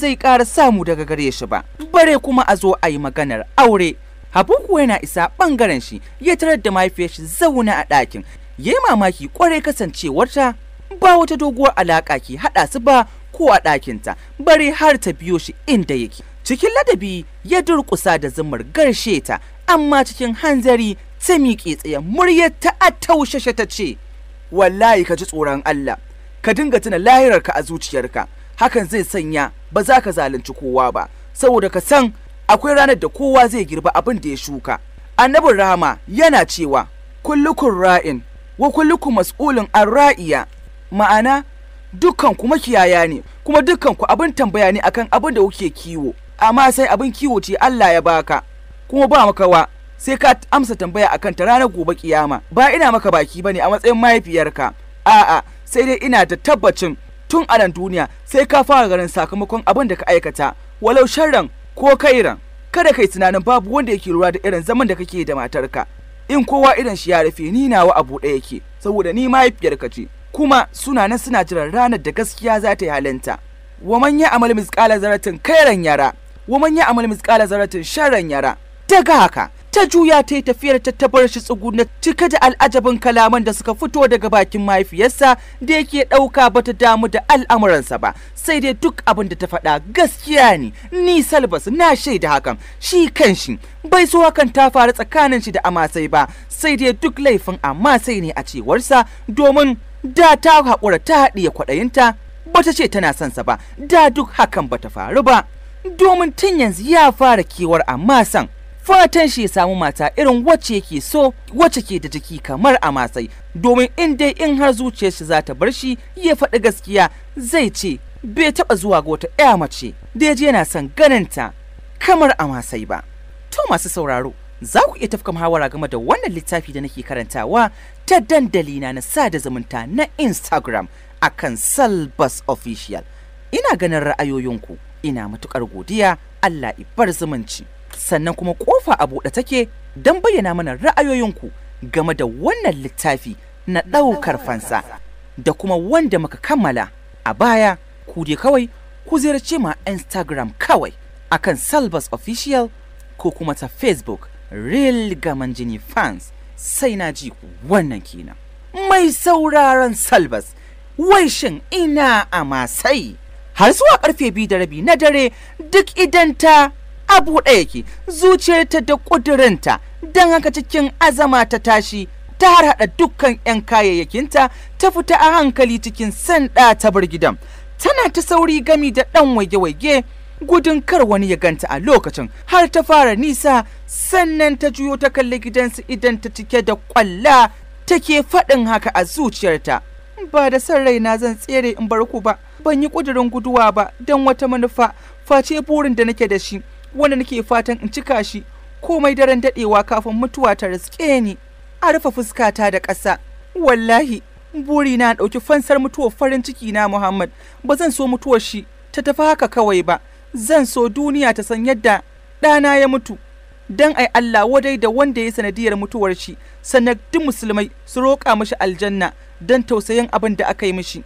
zai ƙara samu daga gare shi ba bare kuma a zo a yi maganar aure habu kuwa yana isa ɓangaren shi ya tarar da mahaifiyar shi zaune a ɗakin ya yi mamaki kwarai kasancewarta ba wata doguwar alaƙa ke haɗa su ba ko a ɗakinta bare har ta biyo shi inda yake cikin ladabi ya durƙusa da zumar garshe ta amma cikin hanzari ta miƙe tsaye muryar ta a taushashe ta ce wallahi ka ji tsoron Allah ka dinga tuna lahirarka a zuciyarka hakan zai sanya ba za ka zalunci kowa ba saboda ka san akwai ranar da kowa zai girba abin da ya shuka annabin rama yana cewa kullukun ra'in wa kullukun mas'ulin an ra'iya ma'ana dukkan ku makiyaya ne kuma dukkan ku abin tambaya ne akan abin da kuke kiwo amma sai abin kiwo ce Allah ya baka kuma ba makawa sai ka amsa tambaya akan ta ranar gobe kiyama ba ina maka baki bane a matsayin mahaifiyarka a'a sai dai ina da tabbacin tun a nan duniya sai ka fara ganin sakamakon abin da ka aikata walau sharran ko kairan kada kai tunanin babu wanda yake lura da irin zaman da kake da matarka in kowa irin shi ya rufe ni nawa abu ɗaya yake saboda ni mahaifiyarka ce kuma suna nan suna jiran ranar da gaskiya za ta yi halinta wa manya amal misƙala zaratin kairan yara wa manya amal misƙala zaratin sharran yara daga haka ta juya ta yi tafiyar ta bar shi tsugu na cika da al'ajabin kalaman da suka fito daga bakin mahaifiyarsa da yake ɗauka ba ta damu da al'amuransa ba sai dai duk abin da ta faɗa gaskiya ne ni salbas na shaida hakan shi kan shi bai so hakan ta faru tsakanin shi da amasai ba sai dai duk laifin amasai ne a cewarsa domin da ta haƙura ta haɗiye kwaɗayinta ta ce tana son ba da duk hakan bata faru ba domin tun yanzu ya fara kewar amasan fatan shi ya samu mata irin wacce yake so wacce ke da jiki kamar a matsayi domin in dai in har zuciyar shi za ta bar shi ya faɗi gaskiya zai ce bai taɓa zuwa ga wata ɗaya mace da je yana son ganinta kamar a matsayi ba to masu sauraro za ku iya tafka muhawara game da wannan littafi da nake karantawa ta dandalina na sada zumunta na instagram akan salbas official ina ganin ra'ayoyinku ina matukar godiya allah ibar zumunci sannan kuma kofa a buɗe take don bayyana mana ra'ayoyinku game da wannan littafi na ɗaukar fansa da kuma wanda muka kammala a baya ku dai kawai ku ziyarci ma instagram kawai akan salbas official ko kuma ta facebook real gaman jini fans sai na ji wannan kenan mai sauraron salbas wai shin ina a masai har zuwa karfe biyu da rabi na dare duk idan ta a buɗe yake zuciyarta da ƙudurinta don haka cikin azama ta tashi ta harhaɗa dukkan 'yan kayayyakinta ta fita a hankali cikin sanda ta bar gidan tana ta sauri gami da ɗan waige-waige gudun kar wani ya ganta a lokacin har ta fara nisa sannan ta juyo ta kalli gidansu idan ta cike da ƙwalla take faɗin haka a zuciyarta ba da san raina zan tsere in bar ku ba ban yi ƙudurin guduwa ba don wata manufa face burin da nake da shi wanda nake fatan in cika shi komai daren daɗewa kafin mutuwa ta riske ni a rufe fuskata da ƙasa wallahi buri na ɗauki fansar mutuwar farin ciki na muhammad ba zan so mutuwar shi ta tafi haka kawai ba zan so duniya ta san yadda ɗana ya mutu dan ai Allah wadai da wanda ya sanadiyar mutuwar shi sannan duk musulmai su roƙa mashi aljanna don tausayin abin da aka yi mishi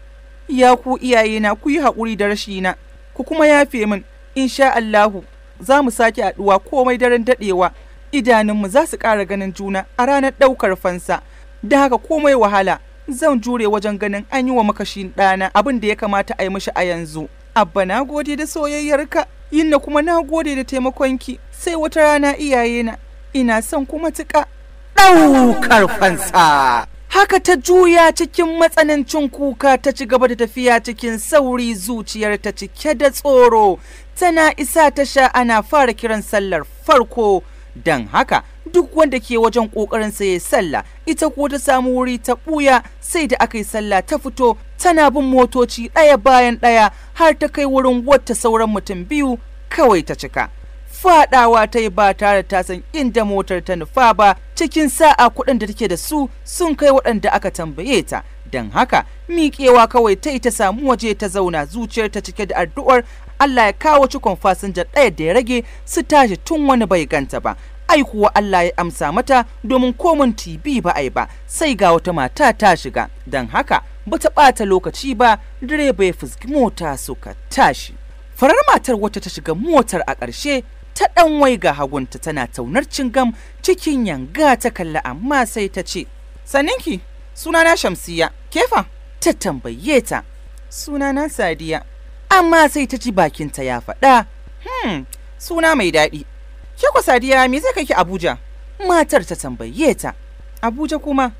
ya ku iyayena ku yi haƙuri da rashina ku kuma yafe min insha Allahu za mu sake haɗuwa komai daren daɗewa idanunmu za su ƙara ganin juna a ranar ɗaukar fansa da haka komai wahala zan jure wajen ganin an yi wa makashin ɗana abin da ya kamata a yi mishi a yanzu abba na gode da soyayyarka yinna kuma na gode da taimakonki sai wata rana iyayena ina son kuma tuka ɗaukar fansa haka ta juya cikin matsanancin kuka ta ci gaba da tafiya cikin sauri zuciyar ta cike da tsoro tana isa ta sha ana fara kiran sallar farko don haka duk wanda ke wajen kokarin sa ya sallah ita ko ta samu wuri ta buya sai da aka yi sallah ta fito tana bin motoci ɗaya bayan ɗaya har ta kai wurin wata sauran mutum biyu kawai ta cika Faɗawa ta yi ba tare ta san inda motar ta nufa ba cikin sa'a kuɗin da take da su sun kai waɗanda aka tambaye ta don haka miƙewa kawai ta yi ta samu waje ta zauna zuciyar ta cike da addu'ar Allah ya kawo cikon fasinja ɗaya da ya rage su tashi tun wani bai ganta ba ai kuwa Allah ya amsa mata domin komin TV ba ai ba sai ga wata mata ta shiga don haka ba ta ɓata lokaci ba direba ya fuski mota suka tashi farar matar wata ta shiga motar a ƙarshe ta ɗan wai ga hagunta tana taunar gam. cikin yanga ta kalla amma sai ta ce saninki sunana shamsiya kefa ta tambaye ta sunana sadiya amma sai ta ji bakinta ya faɗa. Hmm, suna mai daɗi. Ke ku Sadiya me zai kai ki Abuja? Matar ta tambaye ta. Abuja kuma?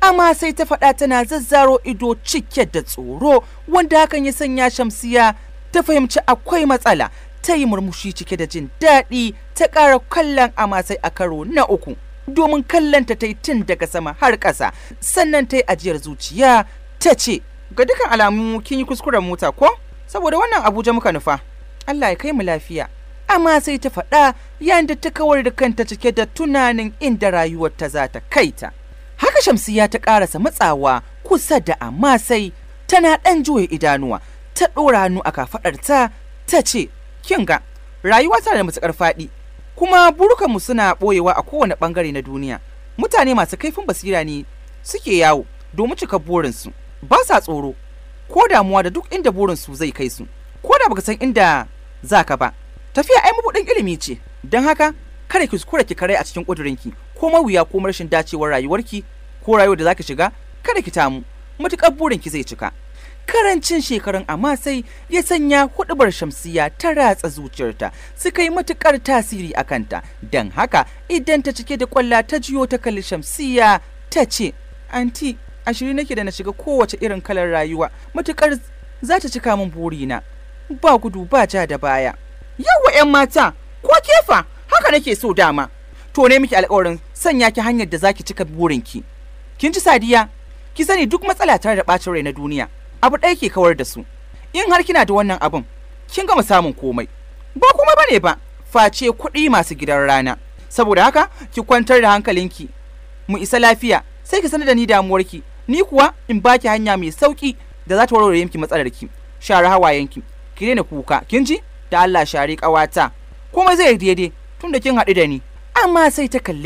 Amma sai ta faɗa tana zazzaro ido cike da tsoro wanda hakan ya sanya Shamsiya ta fahimci akwai matsala ta yi murmushi cike da jin daɗi ta ƙara kallon amma sai a karo na uku. Domin kallonta ta yi tun daga sama har ƙasa sannan ta yi ajiyar zuciya ta ce ga dukan alamu kin yi kuskuren mota ko? saboda wannan abuja muka nufa allah ya kai mu lafiya amma sai ta faɗa yadda ta kawar da kanta cike da tunanin inda rayuwar ta za ta kai ta haka shamsiya ta ƙarasa matsawa kusa da amma sai tana ɗan juya idanuwa ta ɗora hannu a kafaɗarta ta ta ce kin ga rayuwa tana da matuƙar faɗi kuma burukanmu suna ɓoyewa a kowane ɓangare na duniya mutane masu kaifin basira ne suke yawo domin cika burinsu ba sa tsoro ko damuwa da duk inda burin su zai kai su ko da baka san inda za ka ba tafiya ai mabudin ilimi ce don haka kada ki kuskura ki kare a cikin kudurinki ko mawuya ko rashin dacewar rayuwarki ko rayuwar da zaki shiga kada ki tamu matukar burinki zai cika karancin shekarun amma sai ya sanya hudubar shamsiya ta ratsa zuciyarta suka yi matukar tasiri a kanta don haka idan ta cike da kwalla ta jiyo ta kalli shamsiya ta ce anti a shiri nake da na shiga kowace irin kalar rayuwa matukar za ta cika min burina ba gudu ba ja da baya yawa 'yan mata ko kefa haka nake so dama to ne miki alƙawarin sanya ki hanyar da zaki cika burinki kin ci sadiya ki sani duk matsala tare da bacin rai na duniya abu ɗaya ke kawar da su in har kina da wannan abin kin gama samun komai ba kuma bane ba face kuɗi masu gidan rana saboda haka ki kwantar da hankalinki mu isa lafiya sai ki sanar da ni damuwarki ni kuwa in baki hanya mai sauki da za ta warware yanki matsalar ki share hawayen ki ki daina kuka kin ji da Allah share kawata komai zai yi daidai tunda kin haɗu da ni amma sai ta kalle